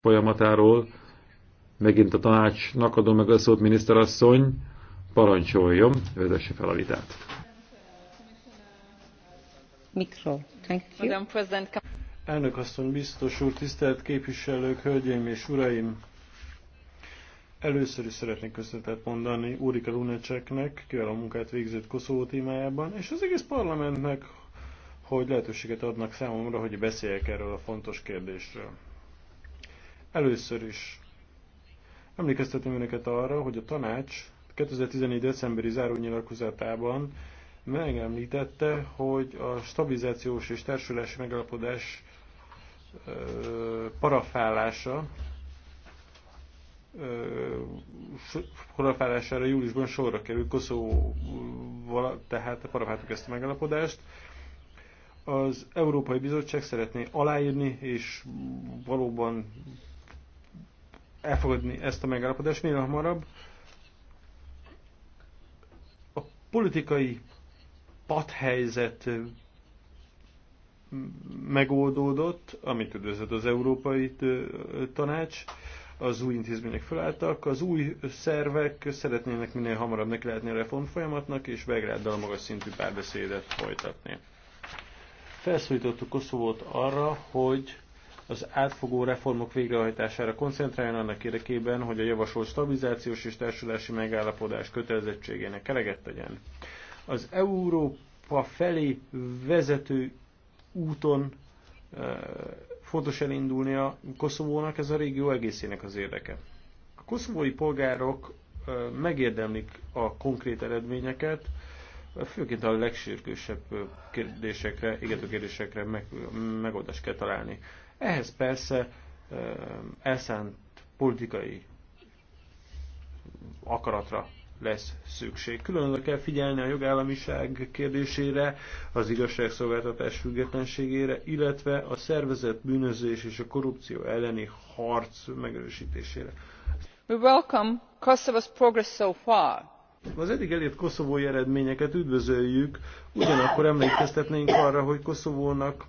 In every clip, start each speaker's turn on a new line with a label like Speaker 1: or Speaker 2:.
Speaker 1: folyamatáról. Megint a tanácsnak adom meg a szót, miniszterasszony, parancsoljon, vezesse fel a vitát.
Speaker 2: Mikro. Thank you.
Speaker 3: Elnök asszony, biztos úr, tisztelt képviselők, hölgyeim és uraim! Először is szeretnék köszönetet mondani Úrika Luneceknek, kivel a munkát végzett Koszovó témájában, és az egész parlamentnek, hogy lehetőséget adnak számomra, hogy beszéljek erről a fontos kérdésről. Először is emlékeztetném önöket arra, hogy a tanács 2014. decemberi zárónyilatkozatában megemlítette, hogy a stabilizációs és társulási megalapodás parafálása parafálására júliusban sorra került Koszovóval, tehát parafáltuk ezt a megállapodást. Az Európai Bizottság szeretné aláírni és valóban elfogadni ezt a megállapodást minél hamarabb. A politikai padhelyzet megoldódott, amit üdvözlet az Európai Tanács, az új intézmények felálltak, az új szervek szeretnének minél hamarabb neki lehetni a reform folyamatnak, és Belgráddal magas szintű párbeszédet folytatni. Felszólítottuk Koszovót arra, hogy az átfogó reformok végrehajtására koncentráljon annak érdekében, hogy a javasolt stabilizációs és társulási megállapodás kötelezettségének eleget tegyen. Az Európa felé vezető úton e, fontos elindulnia Koszovónak, ez a régió egészének az érdeke. A koszovói polgárok e, megérdemlik a konkrét eredményeket, főként a legsürgősebb kérdésekre, égető kérdésekre meg, megoldást kell találni. Ehhez persze eh, elszánt politikai akaratra lesz szükség. Különösen kell figyelni a jogállamiság kérdésére, az igazságszolgáltatás függetlenségére, illetve a szervezett bűnözés és a korrupció elleni harc megerősítésére. We welcome Kosovo's progress so far. Az eddig elért koszovói eredményeket üdvözöljük, ugyanakkor emlékeztetnénk arra, hogy Koszovónak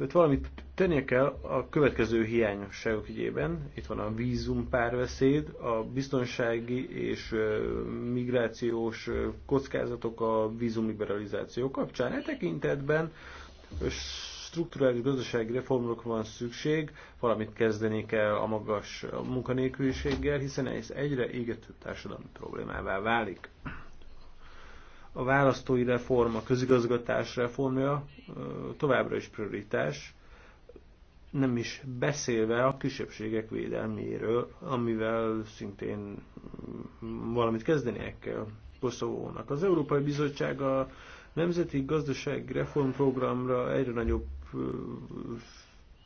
Speaker 3: Őt valamit tennie kell a következő hiányosságok ügyében. Itt van a vízum párbeszéd, a biztonsági és migrációs kockázatok a vízumliberalizáció kapcsán. E tekintetben strukturális gazdasági reformokra van szükség, valamit kezdeni kell a magas munkanélküliséggel, hiszen ez egyre égető társadalmi problémává válik. A választói reform, a közigazgatás reformja továbbra is prioritás, nem is beszélve a kisebbségek védelméről, amivel szintén mm, valamit kezdeniek kell Koszovónak. Az Európai Bizottság a Nemzeti Gazdasági Reformprogramra egyre nagyobb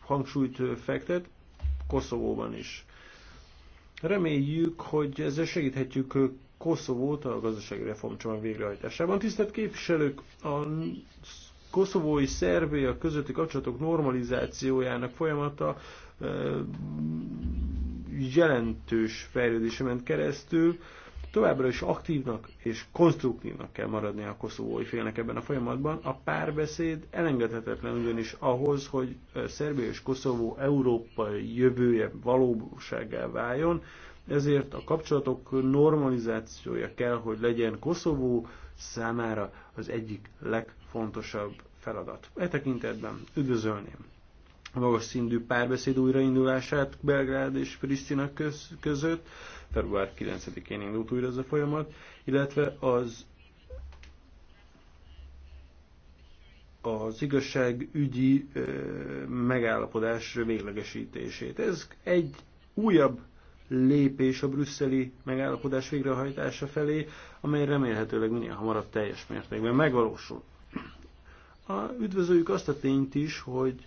Speaker 3: hangsúlyt fektet, Koszovóban is. Reméljük, hogy ezzel segíthetjük Koszovót a gazdasági reformcsomag végrehajtásában. Tisztelt képviselők, a koszovói a közötti kapcsolatok normalizációjának folyamata jelentős fejlődésemen keresztül továbbra is aktívnak és konstruktívnak kell maradni a koszovói félnek ebben a folyamatban. A párbeszéd elengedhetetlen ugyanis ahhoz, hogy Szerbia és Koszovó Európa jövője valóságá váljon, ezért a kapcsolatok normalizációja kell, hogy legyen Koszovó számára az egyik legfontosabb feladat.
Speaker 2: E tekintetben
Speaker 3: üdvözölném a magas szintű párbeszéd újraindulását Belgrád és Pristina köz között, február 9-én indult újra ez a folyamat, illetve az az igazságügyi ö, megállapodás véglegesítését. Ez egy újabb lépés a brüsszeli megállapodás végrehajtása felé, amely remélhetőleg minél hamarabb teljes mértékben megvalósul. A, üdvözöljük azt a tényt is, hogy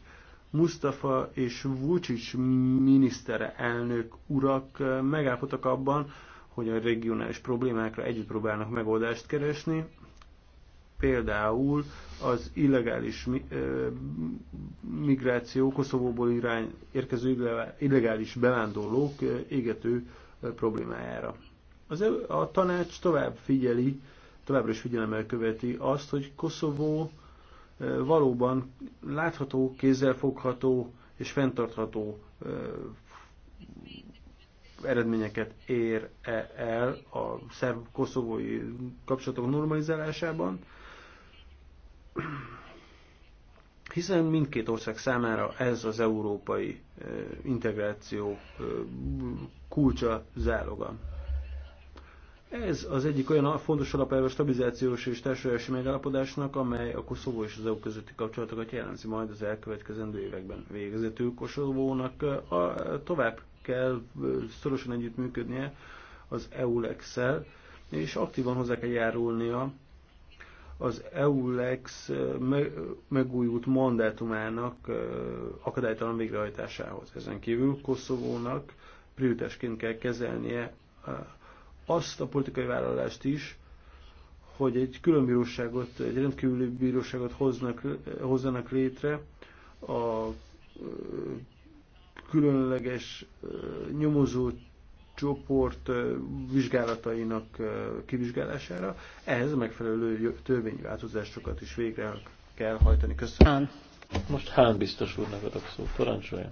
Speaker 3: Mustafa és Vucic elnök urak megállapodtak abban, hogy a regionális problémákra együtt próbálnak megoldást keresni például az illegális migráció, Koszovóból irány, érkező illegális bevándorlók égető problémájára. Az, a tanács tovább figyeli, továbbra is figyelemmel követi azt, hogy Koszovó valóban látható, kézzelfogható és fenntartható eredményeket ér -e el a szerb-koszovói kapcsolatok normalizálásában, hiszen mindkét ország számára ez az európai integráció kulcsa, záloga. Ez az egyik olyan fontos alapelve a stabilizációs és társadalmi megállapodásnak, amely a Koszovó és az EU közötti kapcsolatokat jelenti majd az elkövetkezendő években. Végezetű Koszovónak a, tovább kell szorosan együttműködnie az EULEX-szel, és aktívan hozzá kell járulnia az EULEX megújult mandátumának akadálytalan végrehajtásához. Ezen kívül Koszovónak prioritásként kell kezelnie azt a politikai vállalást is, hogy egy külön bíróságot, egy rendkívüli bíróságot hoznak, hozzanak létre a különleges nyomozó csoport vizsgálatainak kivizsgálására. Ehhez megfelelő törvényváltozásokat is végre kell
Speaker 2: hajtani. Köszönöm. Hán. Most Hán biztos úrnak adok szót. Parancsoljon.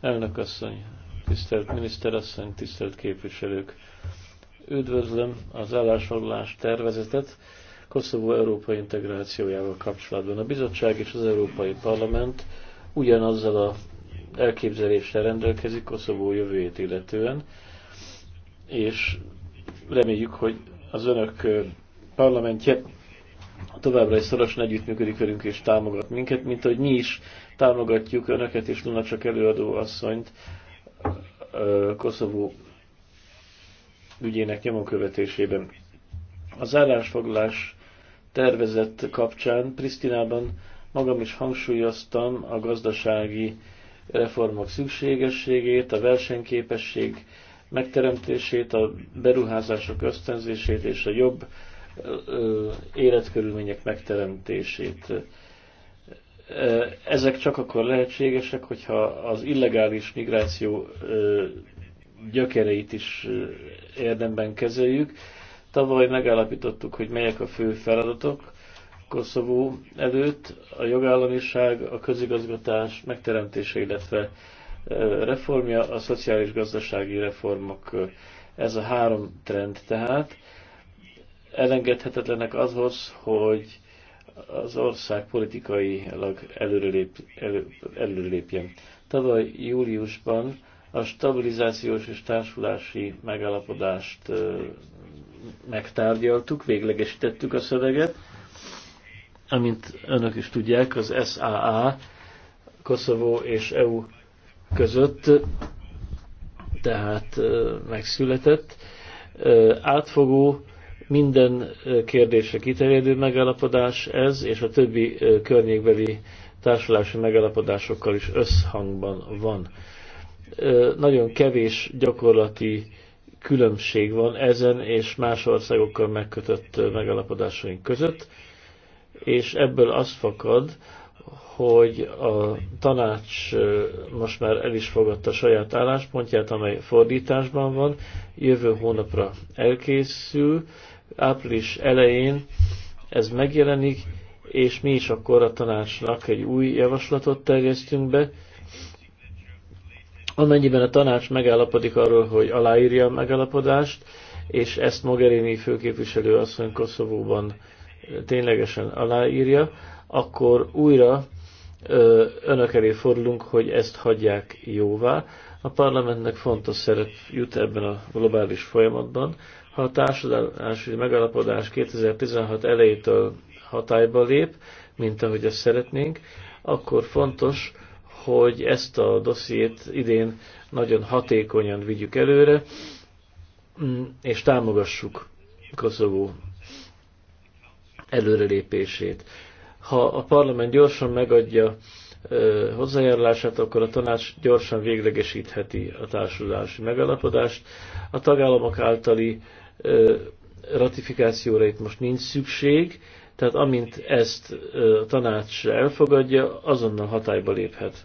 Speaker 2: Elnök asszony, tisztelt miniszterasszony, tisztelt képviselők. Üdvözlöm az állásfoglalás tervezetet Koszovó európai integrációjával kapcsolatban. A bizottság és az Európai Parlament ugyanazzal a elképzeléssel rendelkezik Koszovó jövőjét illetően, és reméljük, hogy az önök parlamentje továbbra is szorosan együttműködik velünk és támogat minket, mint ahogy mi is támogatjuk önöket és csak előadó asszonyt Koszovó ügyének nyomon követésében. Az állásfoglalás tervezett kapcsán Prisztinában magam is hangsúlyoztam a gazdasági reformok szükségességét, a versenyképesség megteremtését, a beruházások ösztönzését és a jobb életkörülmények megteremtését. Ezek csak akkor lehetségesek, hogyha az illegális migráció gyökereit is érdemben kezeljük. Tavaly megállapítottuk, hogy melyek a fő feladatok, Koszovó előtt a jogállamiság, a közigazgatás megteremtése, illetve reformja, a szociális-gazdasági reformok. Ez a három trend tehát. Elengedhetetlenek azhoz, hogy az ország politikailag előrelép, elő, előrelépjen. Tavaly júliusban a stabilizációs és társulási megállapodást megtárgyaltuk, véglegesítettük a szöveget, amint önök is tudják, az SAA, Koszovó és EU között, tehát megszületett. Átfogó, minden kérdésre kiterjedő megállapodás ez, és a többi környékbeli társulási megállapodásokkal is összhangban van. Nagyon kevés gyakorlati különbség van ezen és más országokkal megkötött megállapodásaink között és ebből az fakad, hogy a tanács most már el is fogadta saját álláspontját, amely fordításban van, jövő hónapra elkészül, április elején ez megjelenik, és mi is akkor a tanácsnak egy új javaslatot terjesztünk be, amennyiben a tanács megállapodik arról, hogy aláírja a megállapodást, és ezt Mogherini főképviselő asszony Koszovóban ténylegesen aláírja, akkor újra önök elé fordulunk, hogy ezt hagyják jóvá. A parlamentnek fontos szerep jut ebben a globális folyamatban. Ha a társadalmi megalapodás 2016 elejétől hatályba lép, mint ahogy ezt szeretnénk, akkor fontos, hogy ezt a dossziét idén nagyon hatékonyan vigyük előre, mm, és támogassuk Koszovó előrelépését. Ha a parlament gyorsan megadja hozzájárulását, akkor a tanács gyorsan véglegesítheti a társulási megalapodást. A tagállamok általi ratifikációra itt most nincs szükség, tehát amint ezt a tanács elfogadja, azonnal hatályba léphet.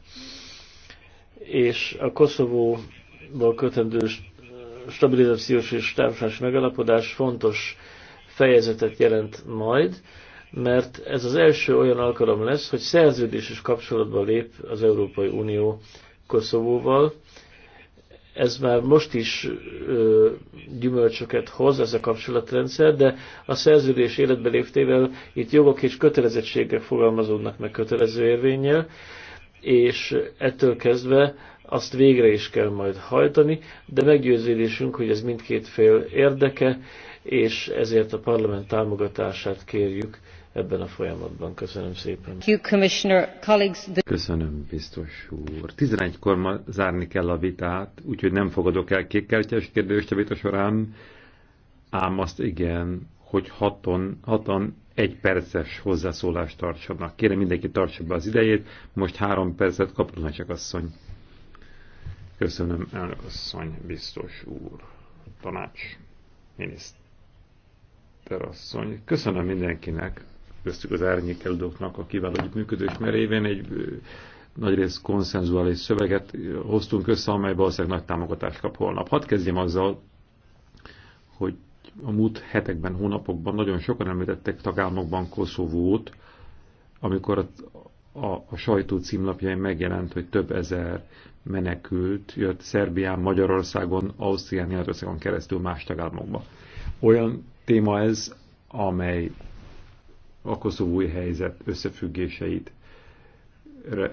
Speaker 2: És a Koszovóval kötendő stabilizációs és társadalmi megalapodás fontos fejezetet jelent majd, mert ez az első olyan alkalom lesz, hogy szerződéses kapcsolatba lép az Európai Unió Koszovóval. Ez már most is ö, gyümölcsöket hoz, ez a kapcsolatrendszer, de a szerződés életbe léptével itt jogok és kötelezettségek fogalmazódnak meg kötelező érvényel, és ettől kezdve azt végre is kell majd hajtani, de meggyőződésünk, hogy ez mindkét fél érdeke, és ezért a parlament támogatását kérjük ebben a folyamatban. Köszönöm szépen.
Speaker 1: Köszönöm, biztos úr. 11-kor ma zárni kell a vitát, úgyhogy nem fogadok el kékkártyás kérdést a vita során, ám azt igen, hogy haton, haton egy perces hozzászólást tartsanak. Kérem mindenki tartsa be az idejét, most három percet kapunk, csak asszony. Köszönöm, elnök asszony, biztos úr, tanács, asszony. Köszönöm mindenkinek, köztük az árnyékelődőknek a kiváló működés, mert egy nagyrészt konszenzuális szöveget hoztunk össze, amely valószínűleg nagy támogatást kap holnap. Hadd kezdjem azzal, hogy a múlt hetekben, hónapokban nagyon sokan említettek tagállamokban Koszovót, amikor a, a, a sajtó címlapjain megjelent, hogy több ezer menekült jött Szerbián, Magyarországon, Ausztrián, Németországon keresztül más tagállamokba. Olyan téma ez, amely a koszovói helyzet összefüggéseit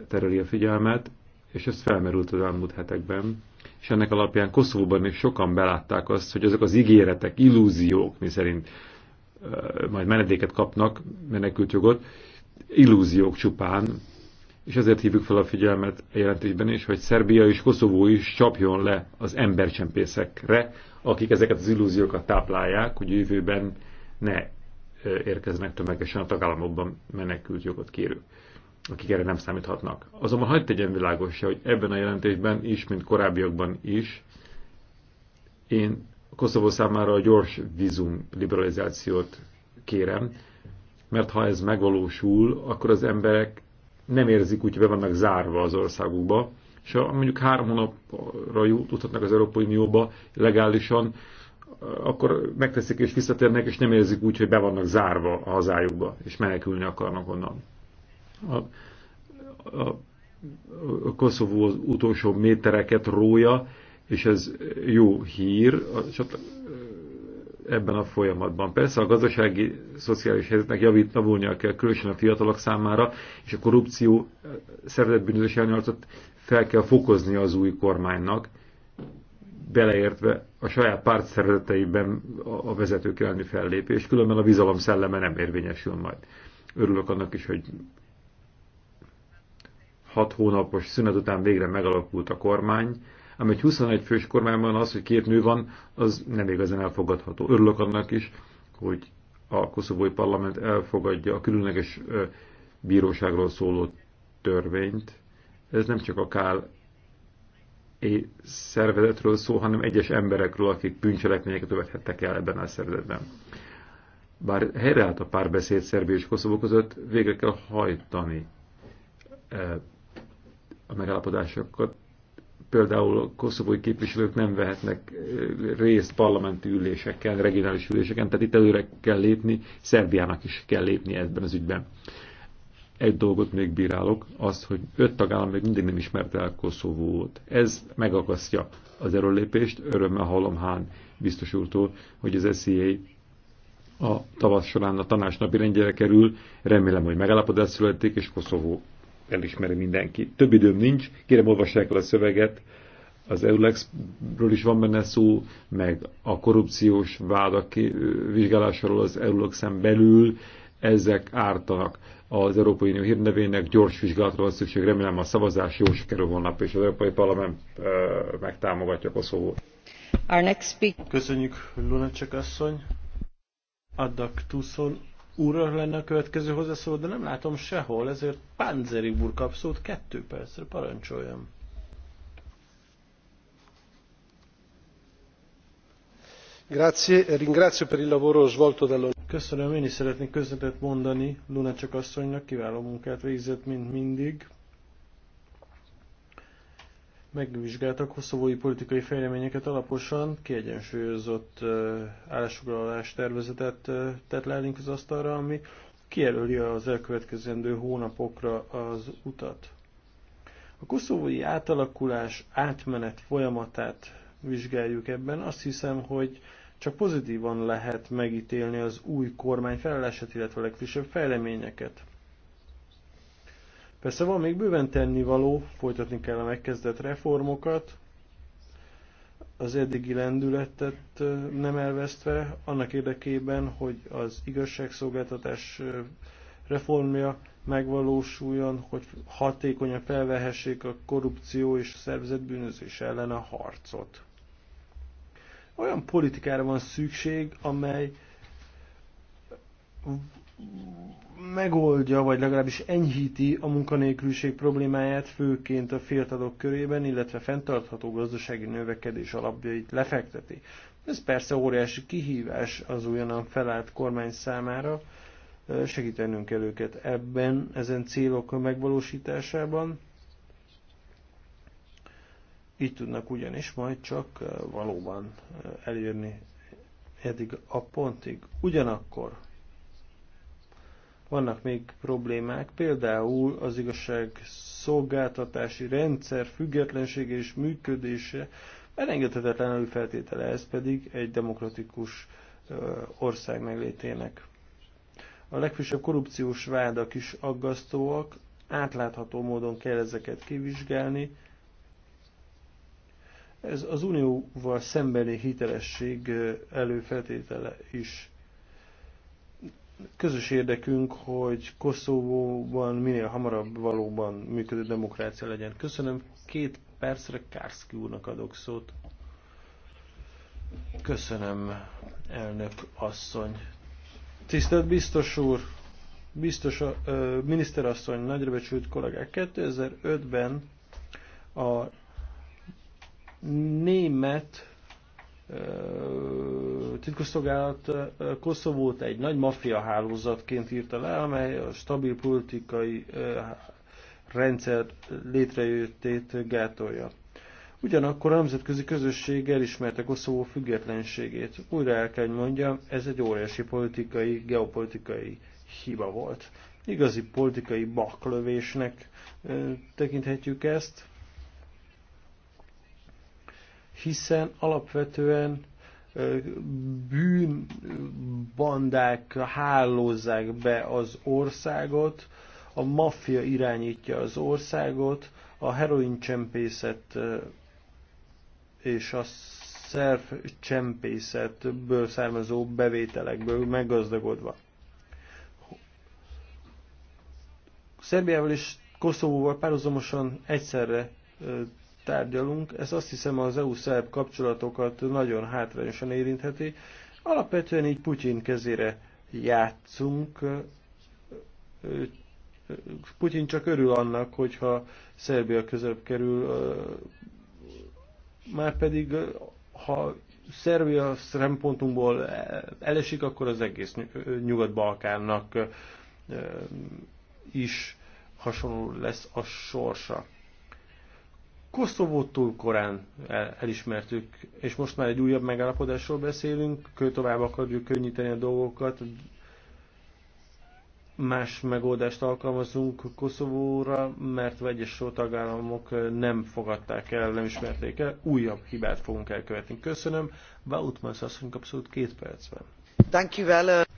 Speaker 1: tereli a figyelmet, és ez felmerült az elmúlt hetekben, és ennek alapján Koszovóban is sokan belátták azt, hogy azok az ígéretek, illúziók, mi szerint majd menedéket kapnak, menekült jogot, illúziók csupán, és ezért hívjuk fel a figyelmet a jelentésben is, hogy Szerbia és Koszovó is csapjon le az embercsempészekre, akik ezeket az illúziókat táplálják, hogy jövőben ne érkeznek tömegesen a tagállamokban menekült jogot kérők, akik erre nem számíthatnak. Azonban hagyd tegyen világosra, hogy ebben a jelentésben is, mint korábbiakban is, én Koszovó számára a gyors vízum liberalizációt kérem, mert ha ez megvalósul, akkor az emberek nem érzik úgy, hogy be vannak zárva az országukba, és ha mondjuk három hónapra juthatnak az Európai Unióba legálisan, akkor megteszik és visszatérnek, és nem érzik úgy, hogy be vannak zárva a hazájukba, és menekülni akarnak onnan. A, a, a Koszovó az utolsó métereket rója, és ez jó hír a ebben a folyamatban. Persze a gazdasági, szociális helyzetnek javítnia kell, különösen a fiatalok számára, és a korrupció eh, szervezetbűnözés elnyalatot fel kell fokozni az új kormánynak, beleértve a saját párt szervezeteiben a vezetők elleni fellépés, különben a bizalom szelleme nem érvényesül majd. Örülök annak is, hogy hat hónapos szünet után végre megalakult a kormány, ám egy 21 fős kormányban az, hogy két nő van, az nem igazán elfogadható. Örülök annak is, hogy a koszovói parlament elfogadja a különleges bíróságról szóló törvényt. Ez nem csak a kál szervezetről szól, hanem egyes emberekről, akik bűncselekményeket követhettek el ebben a szervezetben. Bár helyreállt a párbeszéd Szerbia és Koszovó között, végre kell hajtani a megállapodásokat, például a koszovói képviselők nem vehetnek részt parlamenti üléseken, regionális üléseken, tehát itt előre kell lépni, Szerbiának is kell lépni ebben az ügyben. Egy dolgot még bírálok, az, hogy öt tagállam még mindig nem ismerte el Koszovót. Ez megakasztja az erőlépést, örömmel hallom Hán biztos úrtól, hogy az SZIA a tavasz során a tanás napi rendjére kerül, remélem, hogy megállapodás születik, és Koszovó elismeri mindenki. Több időm nincs, kérem olvassák el a szöveget, az Eulexről is van benne szó, meg a korrupciós vádak vizsgálásáról az Eulexen belül, ezek ártanak az Európai Unió hírnevének, gyors vizsgálatra van szükség, remélem a szavazás jó sikerül holnap, és az Európai Parlament uh, megtámogatja Koszovót.
Speaker 3: Our next Köszönjük, Lunacek asszony. Addak Tuszon úr lenne a következő hozzászóló, de nem látom sehol, ezért Panzeri úr kap szót kettő percre, parancsoljam. Grazie, ringrazio per il lavoro svolto dallo... Köszönöm, én is szeretnék köszönetet mondani Lunacsak asszonynak, kiváló munkát végzett, mint mindig megvizsgáltak koszovói politikai fejleményeket alaposan, kiegyensúlyozott állásfoglalás tervezetet tett le az asztalra, ami kijelöli az elkövetkezendő hónapokra az utat. A koszovói átalakulás átmenet folyamatát vizsgáljuk ebben. Azt hiszem, hogy csak pozitívan lehet megítélni az új kormány felállását, illetve a legfrissebb fejleményeket. Persze van még bőven tennivaló, folytatni kell a megkezdett reformokat, az eddigi lendületet nem elvesztve, annak érdekében, hogy az igazságszolgáltatás reformja megvalósuljon, hogy hatékonyan felvehessék a korrupció és a szervezetbűnözés ellen a harcot. Olyan politikára van szükség, amely megoldja, vagy legalábbis enyhíti a munkanélküliség problémáját, főként a fiatalok körében, illetve fenntartható gazdasági növekedés alapjait lefekteti. Ez persze óriási kihívás az újonnan felállt kormány számára, segítenünk kell őket ebben, ezen célok megvalósításában. Így tudnak ugyanis majd csak valóban elérni eddig a pontig. Ugyanakkor vannak még problémák, például az igazság szolgáltatási rendszer függetlensége és működése elengedhetetlen előfeltétele, ez pedig egy demokratikus ország meglétének. A legfősebb korrupciós vádak is aggasztóak, átlátható módon kell ezeket kivizsgálni. Ez az unióval szembeni hitelesség előfeltétele is közös érdekünk, hogy Koszovóban minél hamarabb valóban működő demokrácia legyen. Köszönöm. Két percre Kárszki úrnak adok szót. Köszönöm, elnök asszony. Tisztelt biztos úr, biztos a, ö, miniszterasszony, nagyrebecsült kollégák, 2005-ben a német titkosszolgálat Koszovót egy nagy maffia hálózatként írta le, amely a stabil politikai rendszer létrejöttét gátolja. Ugyanakkor a nemzetközi közösség elismerte Koszovó függetlenségét. Újra el kell mondjam, ez egy óriási politikai, geopolitikai hiba volt. Igazi politikai baklövésnek tekinthetjük ezt, hiszen alapvetően bűnbandák hálózzák be az országot, a maffia irányítja az országot, a heroin csempészet és a csempészetből származó bevételekből meggazdagodva. Szerbiával és Koszovóval párhuzamosan egyszerre tárgyalunk, ez azt hiszem az EU-szerb kapcsolatokat nagyon hátrányosan érintheti. Alapvetően így Putyin kezére játszunk. Putyin csak örül annak, hogyha Szerbia közöbb kerül, már pedig ha Szerbia szempontunkból elesik, akkor az egész Nyugat-Balkánnak is hasonló lesz a sorsa. Koszovótól korán korán elismertük, és most már egy újabb megállapodásról beszélünk, kő tovább akarjuk könnyíteni a dolgokat, más megoldást alkalmazunk Koszovóra, mert egyes tagállamok nem fogadták el, nem ismerték el, újabb hibát fogunk elkövetni. Köszönöm. Vautmans asszony abszolút két percben.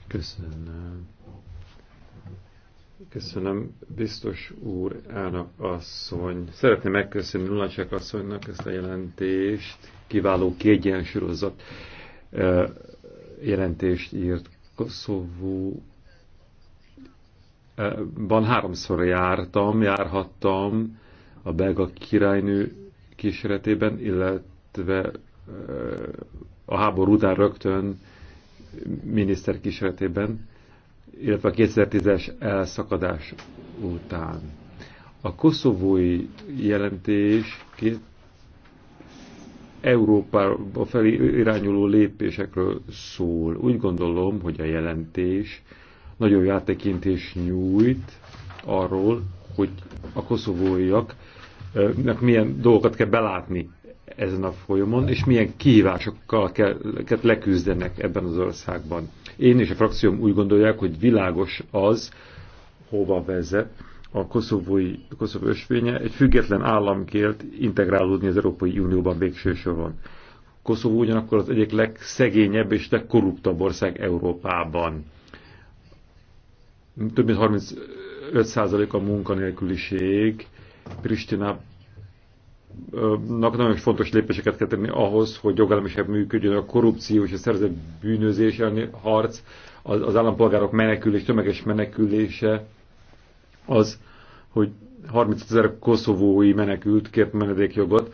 Speaker 1: Köszönöm. Köszönöm, biztos úr, elnök asszony. Szeretném megköszönni Lulacsák asszonynak ezt a jelentést. Kiváló kiegyensúlyozott jelentést írt Koszovó Van háromszor jártam, járhattam a belga királynő kísérletében, illetve a háború után rögtön miniszter kísérletében illetve a 2010-es elszakadás után. A koszovói jelentés két Európába felé irányuló lépésekről szól. Úgy gondolom, hogy a jelentés nagyon jó áttekintést nyújt arról, hogy a koszovóiaknak milyen dolgokat kell belátni ezen a folyamon, és milyen kihívásokkal kell, leküzdenek ebben az országban. Én és a frakcióm úgy gondolják, hogy világos az, hova vezet a koszovói, koszovó ösvénye, egy független államként integrálódni az Európai Unióban végső soron. Koszovó ugyanakkor az egyik legszegényebb és legkorruptabb ország Európában. Több mint 35% a munkanélküliség, Pristina nagyon fontos lépéseket kell tenni ahhoz, hogy jogállamiság működjön, a korrupció és a szerzett bűnözés elleni harc, az, az állampolgárok menekülés, tömeges menekülése, az, hogy 30 ezer koszovói menekült kért menedékjogot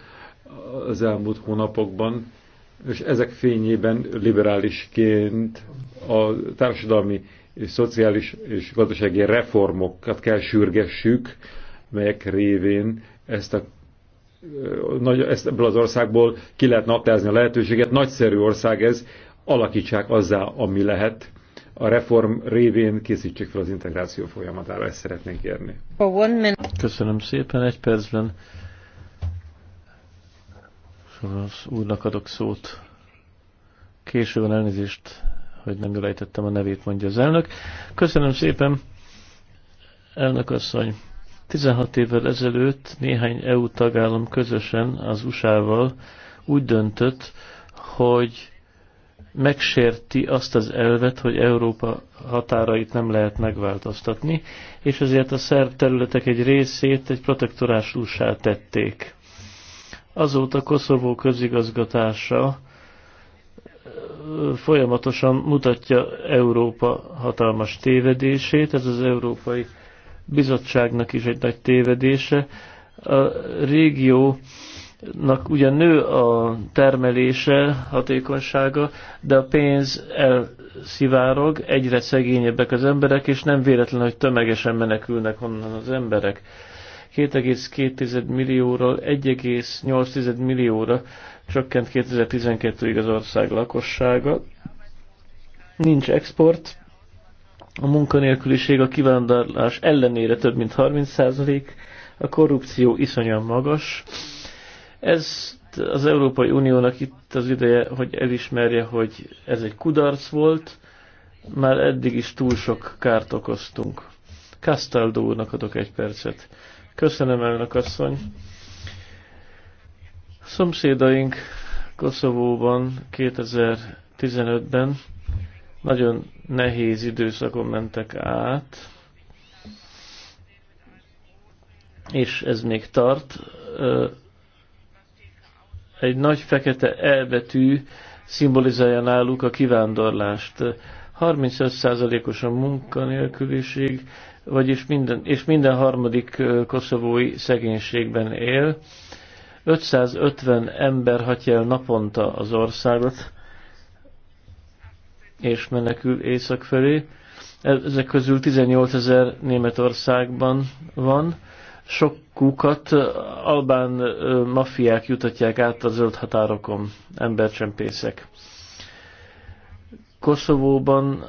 Speaker 1: az elmúlt hónapokban, és ezek fényében liberálisként a társadalmi és szociális és gazdasági reformokat kell sürgessük, melyek révén ezt a nagy, ezt ebből az országból ki lehet naptázni a lehetőséget. Nagyszerű ország ez, alakítsák azzá, ami lehet. A reform révén készítsék fel az integráció folyamatára,
Speaker 2: ezt szeretnénk érni. Köszönöm szépen, egy percben. az úrnak adok szót. Később elnézést, hogy nem jól a nevét, mondja az elnök. Köszönöm szépen, elnök asszony. 16 évvel ezelőtt néhány EU tagállam közösen az USA-val úgy döntött, hogy megsérti azt az elvet, hogy Európa határait nem lehet megváltoztatni, és ezért a szerb területek egy részét egy protektorásúsá tették. Azóta Koszovó közigazgatása folyamatosan mutatja Európa hatalmas tévedését, ez az európai bizottságnak is egy nagy tévedése. A régiónak ugyan nő a termelése, hatékonysága, de a pénz elszivárog, egyre szegényebbek az emberek, és nem véletlen, hogy tömegesen menekülnek onnan az emberek. 2,2 millióról 1,8 millióra csökkent 2012-ig az ország lakossága. Nincs export, a munkanélküliség a kivándorlás ellenére több mint 30%, a korrupció iszonyan magas. Ez az Európai Uniónak itt az ideje, hogy elismerje, hogy ez egy kudarc volt, már eddig is túl sok kárt okoztunk. Castaldo úrnak adok egy percet. Köszönöm, elnök asszony. Szomszédaink Koszovóban 2015-ben nagyon nehéz időszakon mentek át, és ez még tart. Egy nagy fekete elbetű szimbolizálja náluk a kivándorlást. 35%-os a munkanélküliség, vagyis minden, és minden harmadik koszovói szegénységben él. 550 ember hatja el naponta az országot és menekül észak felé. Ezek közül 18 ezer Németországban van. Sokukat albán maffiák jutatják át a zöld határokon, embercsempészek. Koszovóban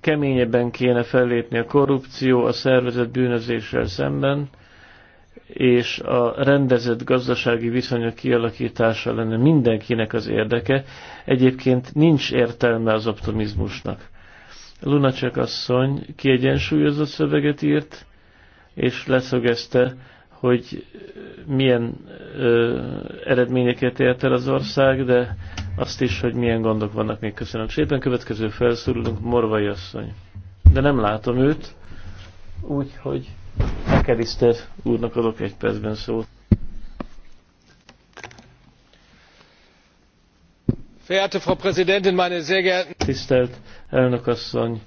Speaker 2: keményebben kéne fellépni a korrupció, a szervezet bűnözéssel szemben, és a rendezett gazdasági viszonyok kialakítása lenne mindenkinek az érdeke. Egyébként nincs értelme az optimizmusnak. Lunacek asszony kiegyensúlyozott szöveget írt, és leszögezte, hogy milyen ö, eredményeket ért el az ország, de azt is, hogy milyen gondok vannak még. Köszönöm szépen. Következő felszólulunk Morvai asszony. De nem látom őt, úgyhogy McAllister úrnak adok egy percben szót. Verehrte Frau Präsidentin, meine sehr geehrten... Tisztelt elnökasszony,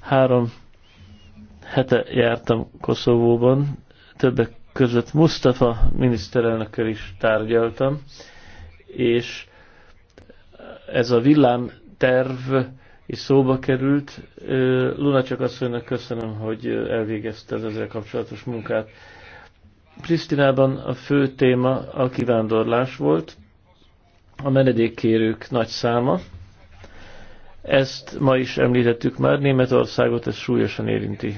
Speaker 2: három hete jártam Koszovóban, többek között Mustafa miniszterelnökkel is tárgyaltam, és ez a villám terv is szóba került. Luna Lunacsak asszonynak köszönöm, hogy elvégezte az ezzel kapcsolatos munkát. Prisztinában a fő téma a kivándorlás volt, a menedékkérők nagy száma. Ezt ma is említettük már, Németországot ez súlyosan érinti.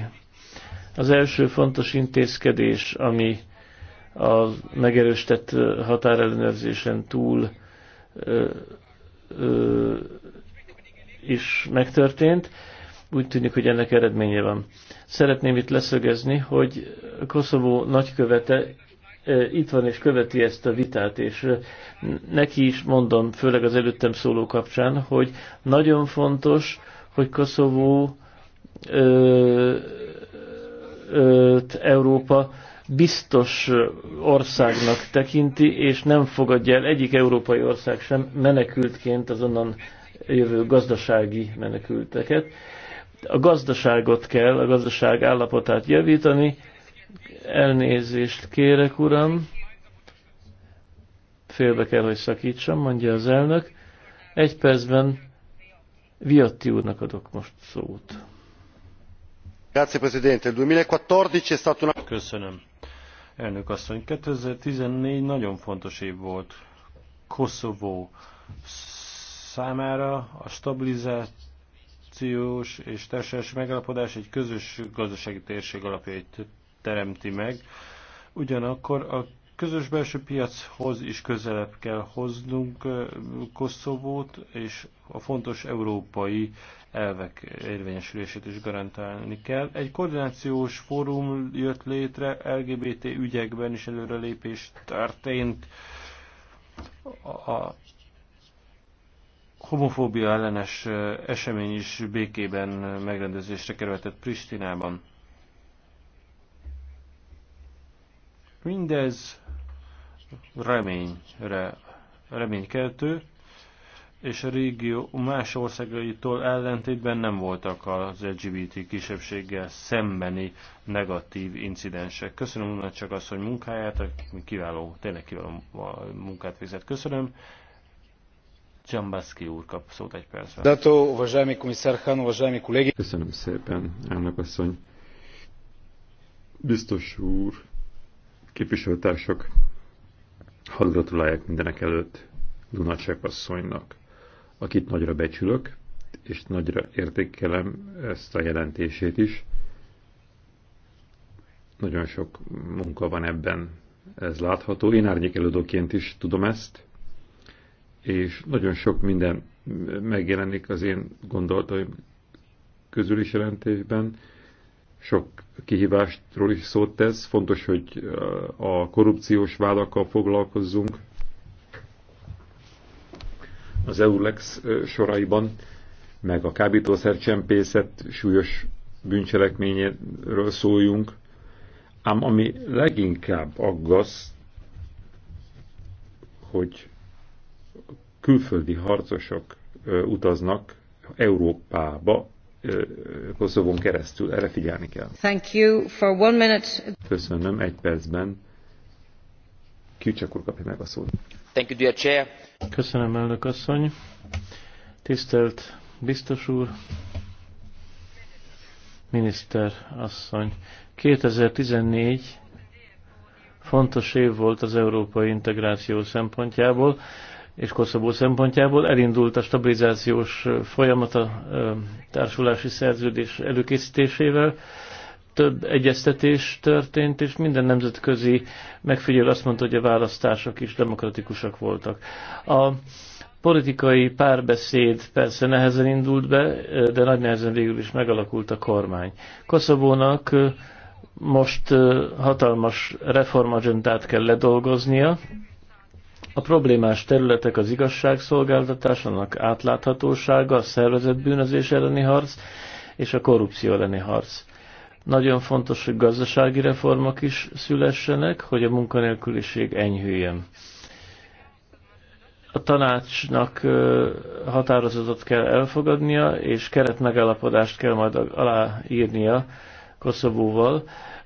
Speaker 2: Az első fontos intézkedés, ami a megerőstett határellenőrzésen túl ö, ö, is megtörtént. Úgy tűnik, hogy ennek eredménye van. Szeretném itt leszögezni, hogy Koszovó nagykövete e, itt van és követi ezt a vitát, és e, neki is mondom, főleg az előttem szóló kapcsán, hogy nagyon fontos, hogy Koszovó ö, e, ö, Európa biztos országnak tekinti, és nem fogadja el egyik európai ország sem menekültként azonnan. onnan jövő gazdasági menekülteket. A gazdaságot kell, a gazdaság állapotát javítani. Elnézést kérek, uram. Félbe kell, hogy szakítsam, mondja az elnök. Egy percben Viatti úrnak adok most szót.
Speaker 3: Köszönöm. Elnök asszony, 2014 nagyon fontos év volt. Koszovó számára a stabilizációs és társadalmi megállapodás egy közös gazdasági térség alapjait teremti meg. Ugyanakkor a közös belső piachoz is közelebb kell hoznunk Koszovót, és a fontos európai elvek érvényesülését is garantálni kell. Egy koordinációs fórum jött létre, LGBT ügyekben is előrelépés történt. A homofóbia ellenes esemény is békében megrendezésre kerültett Pristinában. Mindez reményre, reménykeltő, és a régió más országaitól ellentétben nem voltak az LGBT kisebbséggel szembeni negatív incidensek. Köszönöm csak azt, hogy munkáját, kiváló, tényleg kiváló munkát végzett. Köszönöm.
Speaker 1: Köszönöm szépen, elnök asszony. Biztos úr, képviselőtársak, hadd gratulálják mindenek előtt Dunacek asszonynak, akit nagyra becsülök, és nagyra értékelem ezt a jelentését is. Nagyon sok munka van ebben, ez látható. Én árnyékelődőként is tudom ezt, és nagyon sok minden megjelenik az én gondolataim közül is jelentésben. Sok kihívástról is szót tesz. Fontos, hogy a korrupciós vádakkal foglalkozzunk az EULEX soraiban, meg a kábítószercsempészet súlyos bűncselekményéről szóljunk. Ám ami leginkább aggaszt, hogy külföldi harcosok utaznak Európába, Koszovon keresztül. Erre figyelni kell.
Speaker 2: Thank you for one minute. Köszönöm,
Speaker 1: egy percben. Kiucsak úr kapja
Speaker 2: meg a szót.
Speaker 4: Thank you, dear chair.
Speaker 2: Köszönöm, elnök asszony. Tisztelt biztos úr, miniszter asszony. 2014 fontos év volt az európai integráció szempontjából és Koszovó szempontjából elindult a stabilizációs folyamat a társulási szerződés előkészítésével. Több egyeztetés történt, és minden nemzetközi megfigyelő azt mondta, hogy a választások is demokratikusak voltak. A politikai párbeszéd persze nehezen indult be, de nagy nehezen végül is megalakult a kormány. Koszovónak most hatalmas reformagendát kell ledolgoznia, a problémás területek az igazságszolgáltatás, annak átláthatósága, a szervezett bűnözés elleni harc és a korrupció elleni harc. Nagyon fontos, hogy gazdasági reformok is szülessenek, hogy a munkanélküliség enyhüljön. A tanácsnak határozatot kell elfogadnia, és keretmegállapodást kell majd aláírnia Koszovóval,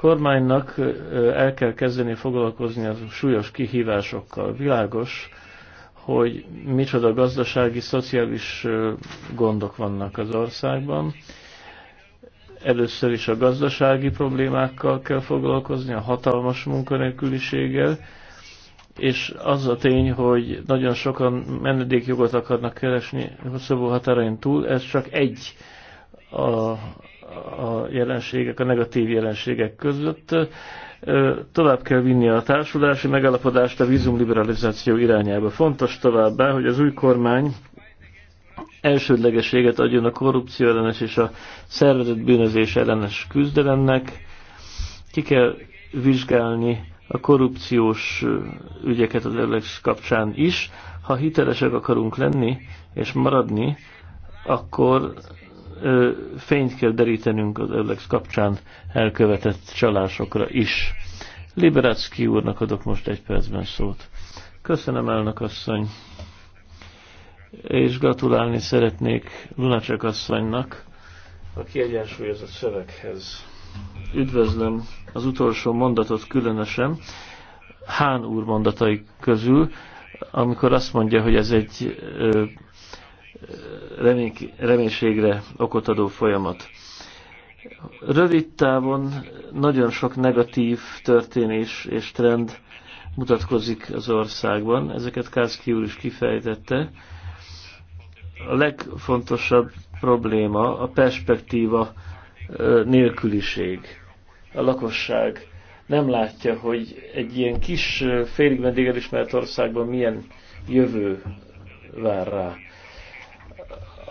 Speaker 2: kormánynak el kell kezdeni foglalkozni a súlyos kihívásokkal. Világos, hogy micsoda gazdasági, szociális gondok vannak az országban. Először is a gazdasági problémákkal kell foglalkozni, a hatalmas munkanélküliséggel, és az a tény, hogy nagyon sokan menedékjogot akarnak keresni hosszú határain túl, ez csak egy a, a jelenségek, a negatív jelenségek között. Tovább kell vinni a társulási megállapodást a vízumliberalizáció irányába. Fontos továbbá, hogy az új kormány elsődlegeséget adjon a korrupció ellenes és a szervezett bűnözés ellenes küzdelemnek. Ki kell vizsgálni a korrupciós ügyeket az előleges kapcsán is. Ha hitelesek akarunk lenni és maradni, akkor ö, fényt kell derítenünk az Eulex kapcsán elkövetett csalásokra is. Liberácki úrnak adok most egy percben szót. Köszönöm, elnök asszony, és gratulálni szeretnék Lunacek asszonynak a kiegyensúlyozott szöveghez. Üdvözlöm az utolsó mondatot különösen, Hán úr mondatai közül, amikor azt mondja, hogy ez egy ö, remény, reménységre okot adó folyamat. Rövid távon nagyon sok negatív történés és trend mutatkozik az országban, ezeket Kászki úr is kifejtette. A legfontosabb probléma a perspektíva nélküliség. A lakosság nem látja, hogy egy ilyen kis, félig meddig országban milyen jövő vár rá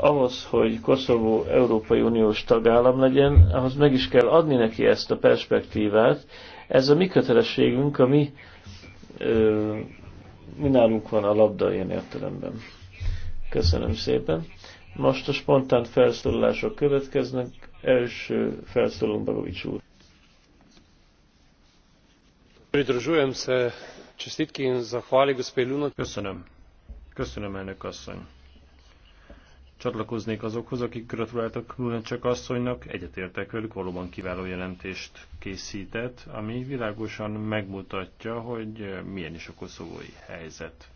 Speaker 2: ahhoz, hogy Koszovó Európai Uniós tagállam legyen, ahhoz meg is kell adni neki ezt a perspektívát. Ez a mi kötelességünk, a mi, ö, mi nálunk van a labda ilyen értelemben. Köszönöm szépen. Most a spontán felszólalások következnek. Első felszólalunk Bagovics úr.
Speaker 3: Köszönöm. Köszönöm, elnök asszony. Csatlakoznék azokhoz, akik gratuláltak csak asszonynak, egyetértek velük, valóban kiváló jelentést készített, ami világosan megmutatja, hogy milyen is a koszovói helyzet.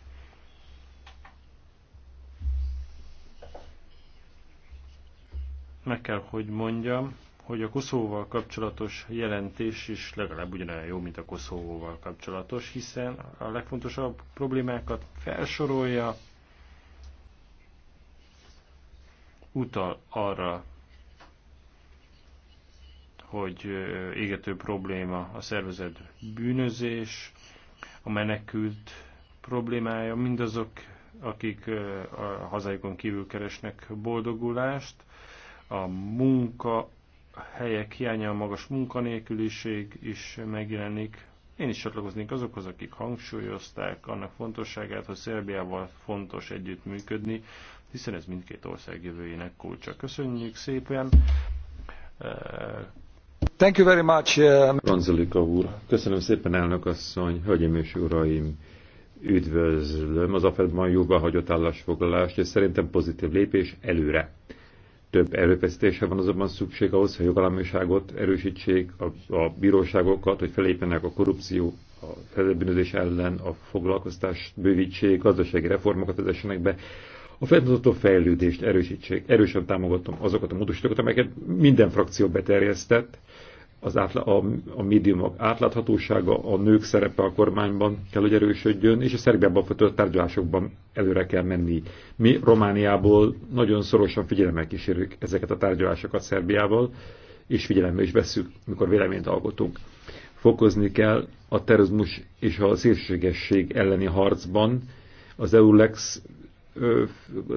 Speaker 3: Meg kell, hogy mondjam, hogy a Koszovóval kapcsolatos jelentés is legalább ugyanolyan jó, mint a Koszovóval kapcsolatos, hiszen a legfontosabb problémákat felsorolja, utal arra, hogy égető probléma a szervezet bűnözés, a menekült problémája, mindazok, akik a hazájukon kívül keresnek boldogulást, a munka helyek hiánya, a magas munkanélküliség is megjelenik én is csatlakoznék azokhoz, akik hangsúlyozták annak fontosságát, hogy Szerbiával fontos együttműködni, hiszen ez mindkét ország jövőjének kulcsa. Köszönjük szépen!
Speaker 1: Eh, Thank you very much. Eh, Ranzelika úr, köszönöm szépen elnök asszony, hölgyeim és uraim, üdvözlöm az AFED-ban hagyott állásfoglalást, és szerintem pozitív lépés előre. Több erőfeszítése van azonban szükség ahhoz, hogy jogállamiságot erősítsék a, a bíróságokat, hogy felépjenek a korrupció, a felbűnözés ellen, a foglalkoztás bővítsék, gazdasági reformokat vezessenek be, a fenntartható fejlődést erősítsék. Erősen támogatom azokat a módosítókat, amelyeket minden frakció beterjesztett, az átla, a, a médiumok átláthatósága, a nők szerepe a kormányban kell, hogy erősödjön, és a Szerbiában folytatott tárgyalásokban előre kell menni. Mi Romániából nagyon szorosan figyelemmel kísérjük ezeket a tárgyalásokat Szerbiával, és figyelembe is veszük, mikor véleményt alkotunk. Fokozni kell a terrorizmus és a szélsőségesség elleni harcban, az EULEX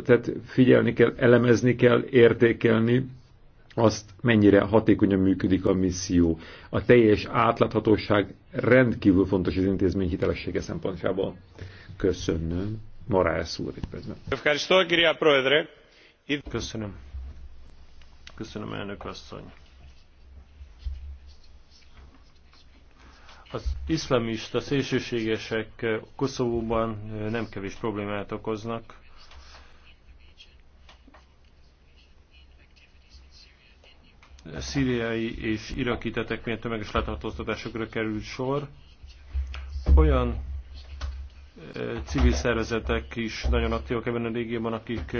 Speaker 1: tehát figyelni kell, elemezni kell, értékelni azt, mennyire hatékonyan működik a misszió. A teljes átláthatóság rendkívül fontos az intézmény hitelessége szempontjából. Köszönöm. Marász úr, itt
Speaker 3: percben. Köszönöm. Köszönöm, elnök asszony. Az iszlamista szélsőségesek Koszovóban nem kevés problémát okoznak szíriai és iraki teteknél tömeges letartóztatásokra került sor. Olyan civil szervezetek is nagyon aktívak ebben a régióban, akik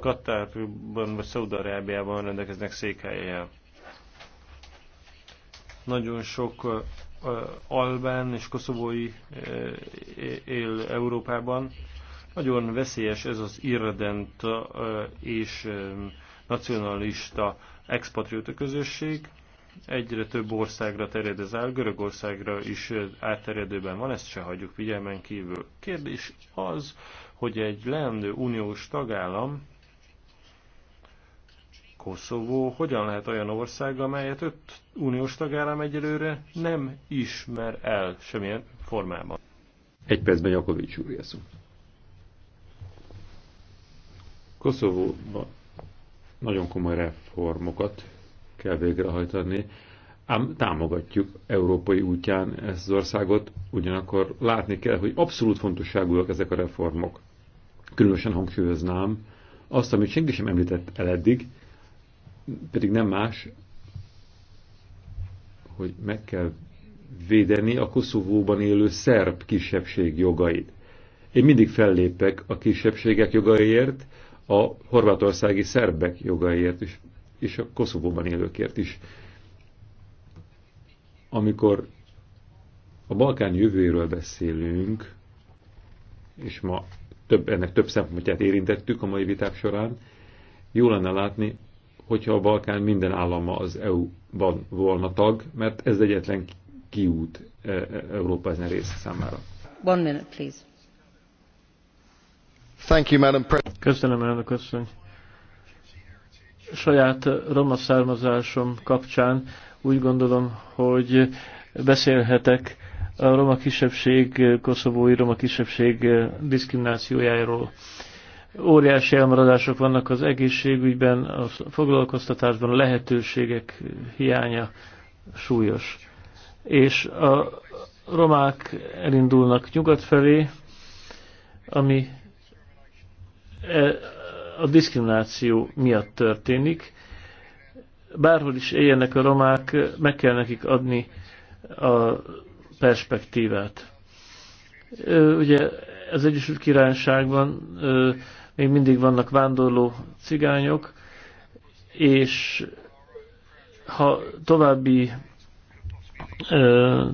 Speaker 3: Katárban vagy Szaudarábiában rendelkeznek székhelyen. Nagyon sok albán és koszovói él Európában. Nagyon veszélyes ez az irredent és nacionalista expatrióta közösség, egyre több országra terjed ez el, Görögországra is átterjedőben van, ezt se hagyjuk figyelmen kívül. Kérdés az, hogy egy leendő uniós tagállam, Koszovó, hogyan lehet olyan ország, amelyet öt uniós tagállam egyelőre nem
Speaker 2: ismer el semmilyen formában.
Speaker 1: Egy percben Jakovics úr Koszovóban nagyon komoly reformokat kell végrehajtani, ám támogatjuk európai útján ezt az országot, ugyanakkor látni kell, hogy abszolút fontosságúak ezek a reformok. Különösen hangsúlyoznám azt, amit senki sem említett el eddig, pedig nem más, hogy meg kell védeni a Koszovóban élő szerb kisebbség jogait. Én mindig fellépek a kisebbségek jogaiért, a horvátországi szerbek jogaiért is, és a Koszovóban élőkért is. Amikor a Balkán jövőjéről beszélünk, és ma több, ennek több szempontját érintettük a mai viták során, jó lenne látni, hogyha a Balkán minden állama az EU-ban volna tag, mert ez egyetlen kiút e, e, Európa ezen része számára.
Speaker 2: One minute, please. Köszönöm, elnök asszony. Saját roma származásom kapcsán úgy gondolom, hogy beszélhetek a roma kisebbség, koszovói roma kisebbség diszkriminációjáról. Óriási elmaradások vannak az egészségügyben, a foglalkoztatásban a lehetőségek hiánya súlyos. És a romák elindulnak nyugat felé, ami E, a diszkrimináció miatt történik. Bárhol is éljenek a romák, meg kell nekik adni a perspektívát. E, ugye az Egyesült Királyságban e, még mindig vannak vándorló cigányok, és ha további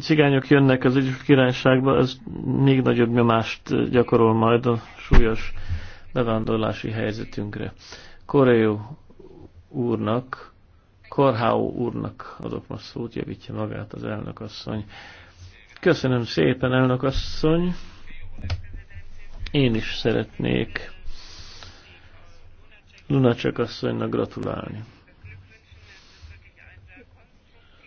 Speaker 2: cigányok jönnek az Egyesült Királyságba, ez még nagyobb nyomást gyakorol majd a súlyos bevándorlási helyzetünkre. Koreó úrnak, Korháó úrnak adok most szót, javítja magát az elnökasszony. Köszönöm szépen, elnökasszony. Én is szeretnék Lunacsek asszonynak gratulálni.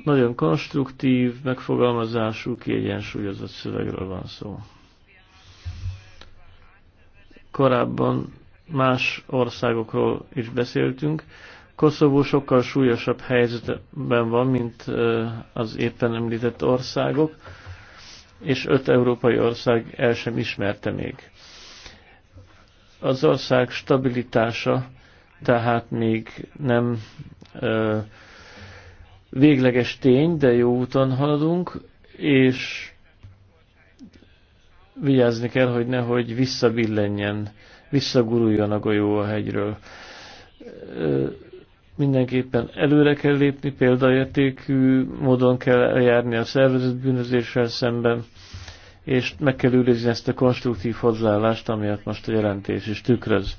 Speaker 2: Nagyon konstruktív, megfogalmazású, kiegyensúlyozott szövegről van szó korábban más országokról is beszéltünk. Koszovó sokkal súlyosabb helyzetben van, mint eh, az éppen említett országok, és öt európai ország el sem ismerte még. Az ország stabilitása tehát még nem eh, végleges tény, de jó úton haladunk, és vigyázni kell, hogy nehogy visszabillenjen, visszaguruljon a golyó a hegyről. Mindenképpen előre kell lépni, példaértékű módon kell eljárni a szervezet bűnözéssel szemben, és meg kell őrizni ezt a konstruktív hozzáállást, amiatt most a jelentés is tükröz.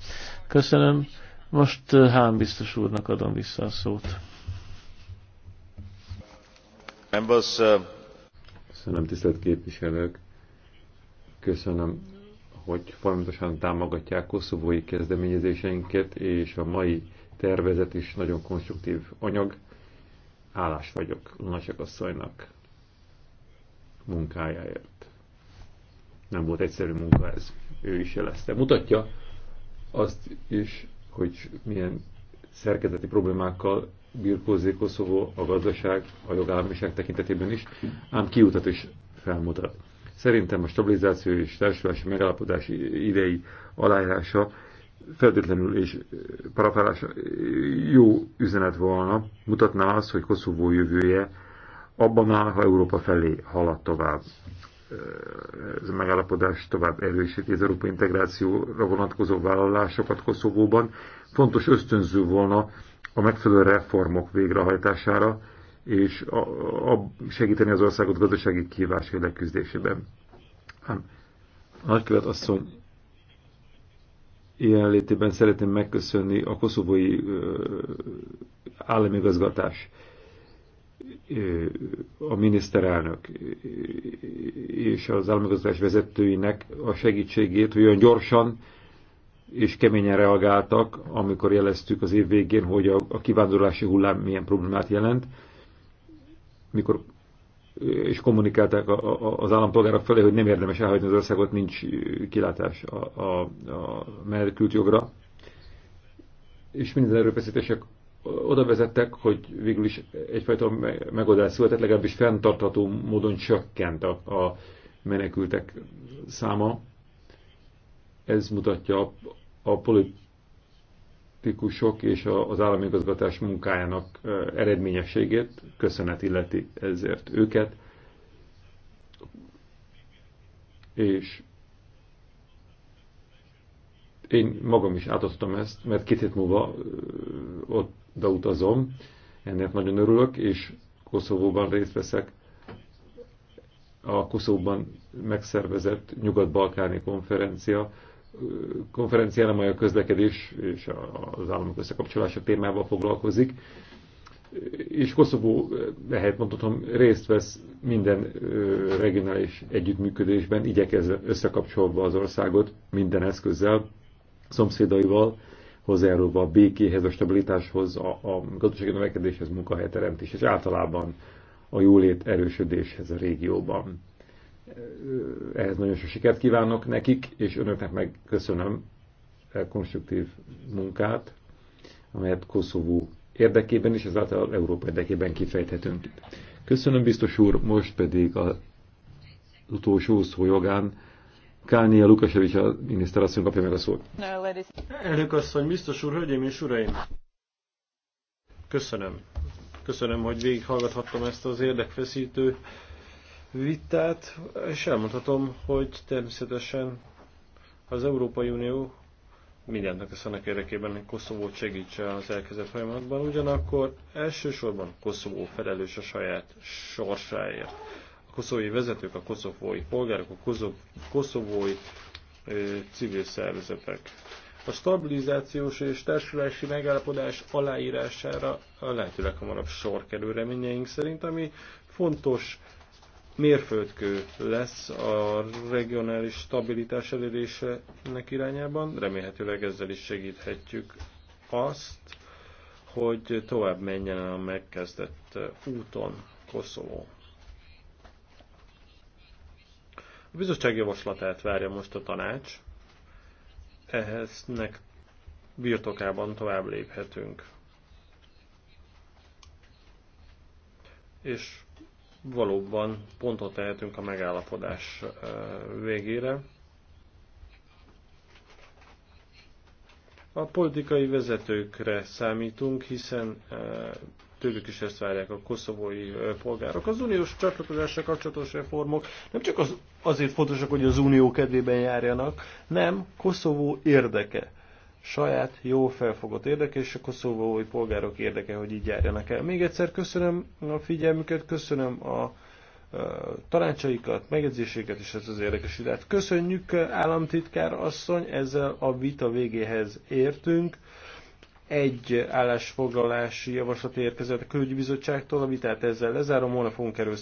Speaker 2: Köszönöm. Most Hán biztos úrnak adom vissza a szót.
Speaker 1: Köszönöm, tisztelt képviselők. Köszönöm, hogy folyamatosan támogatják koszovói kezdeményezéseinket, és a mai tervezet is nagyon konstruktív anyag. Állás vagyok Lunacsek asszonynak munkájáért. Nem volt egyszerű munka ez, ő is jelezte. Mutatja azt is, hogy milyen szerkezeti problémákkal birkózik Koszovó a gazdaság, a jogállamiság tekintetében is, ám kiutat is felmutat. Szerintem a stabilizáció és társulási megállapodás idei aláírása feltétlenül és parafálása jó üzenet volna, mutatná azt, hogy Koszovó jövője abban áll, ha Európa felé halad tovább. Ez a megállapodás tovább erősíti az európai integrációra vonatkozó vállalásokat Koszovóban. Fontos ösztönző volna a megfelelő reformok végrehajtására, és a, a segíteni az országot gazdasági kihívásai leküzdésében. Hát, a nagykövet asszony jelenlétében szeretném megköszönni a koszovói államigazgatás a miniszterelnök és az államigazgatás vezetőinek a segítségét, hogy olyan gyorsan és keményen reagáltak, amikor jeleztük az év végén, hogy a, a kivándorlási hullám milyen problémát jelent, mikor és kommunikálták az állampolgárok felé, hogy nem érdemes elhagyni az országot, nincs kilátás a, a, a menekült jogra. És minden erőfeszítések oda vezettek, hogy végül is egyfajta megoldás született, legalábbis fenntartható módon csökkent a, a menekültek száma. Ez mutatja a, a politikusok és az állami igazgatás munkájának eredményességét köszönet illeti ezért őket, és én magam is átadtam ezt, mert két hét múlva ott utazom, ennek nagyon örülök, és Koszovóban részt veszek a Koszovóban megszervezett nyugat-balkáni konferencia konferencián, amely a közlekedés és az államok összekapcsolása témával foglalkozik, és Koszovó, lehet eh, mondhatom, részt vesz minden eh, regionális együttműködésben, igyekezve összekapcsolva az országot minden eszközzel, szomszédaival, hozzájárulva a békéhez, a stabilitáshoz, a, a gazdasági növekedéshez, munkahelyteremtéshez, és általában a jólét erősödéshez a régióban ehhez nagyon sok sikert kívánok nekik, és önöknek megköszönöm a konstruktív munkát, amelyet Koszovó érdekében és ezáltal Európa érdekében kifejthetünk. Köszönöm, biztos úr, most pedig az utolsó szó jogán Kánia Lukasevics a miniszterasszony kapja meg a szót.
Speaker 3: Elnök asszony, biztos úr, hölgyeim és uraim! Köszönöm. Köszönöm, hogy végighallgathattam ezt az érdekfeszítő vitát, és elmondhatom, hogy természetesen az Európai Unió mindennek a szanak érdekében, hogy Koszovót segítse az elkezdett folyamatban, ugyanakkor elsősorban Koszovó felelős a saját sorsáért. A koszovói vezetők, a koszovói polgárok, a koszovói ö, civil szervezetek. A stabilizációs és társulási megállapodás aláírására a lehető leghamarabb sor kerül reményeink szerint, ami fontos mérföldkő lesz a regionális stabilitás elérésének irányában. Remélhetőleg ezzel is segíthetjük azt, hogy tovább menjen a megkezdett úton Koszovó. A bizottság javaslatát várja most a tanács, ehhez nek birtokában tovább léphetünk. És valóban pontot tehetünk a megállapodás végére. A politikai vezetőkre számítunk, hiszen tőlük is ezt várják a koszovói polgárok. Az uniós csatlakozással kapcsolatos reformok nem csak az, azért fontosak, hogy az unió kedvében járjanak, nem Koszovó érdeke saját, jó felfogott érdeke, és a koszovói szóval polgárok érdeke, hogy így járjanak el. Még egyszer köszönöm a figyelmüket, köszönöm a tanácsaikat, megjegyzéseket és ez az érdekes időt. Köszönjük, államtitkár asszony, ezzel a vita végéhez értünk. Egy állásfoglalási javaslat érkezett a külügyi bizottságtól, a vitát ezzel lezárom, holnap fogunk erről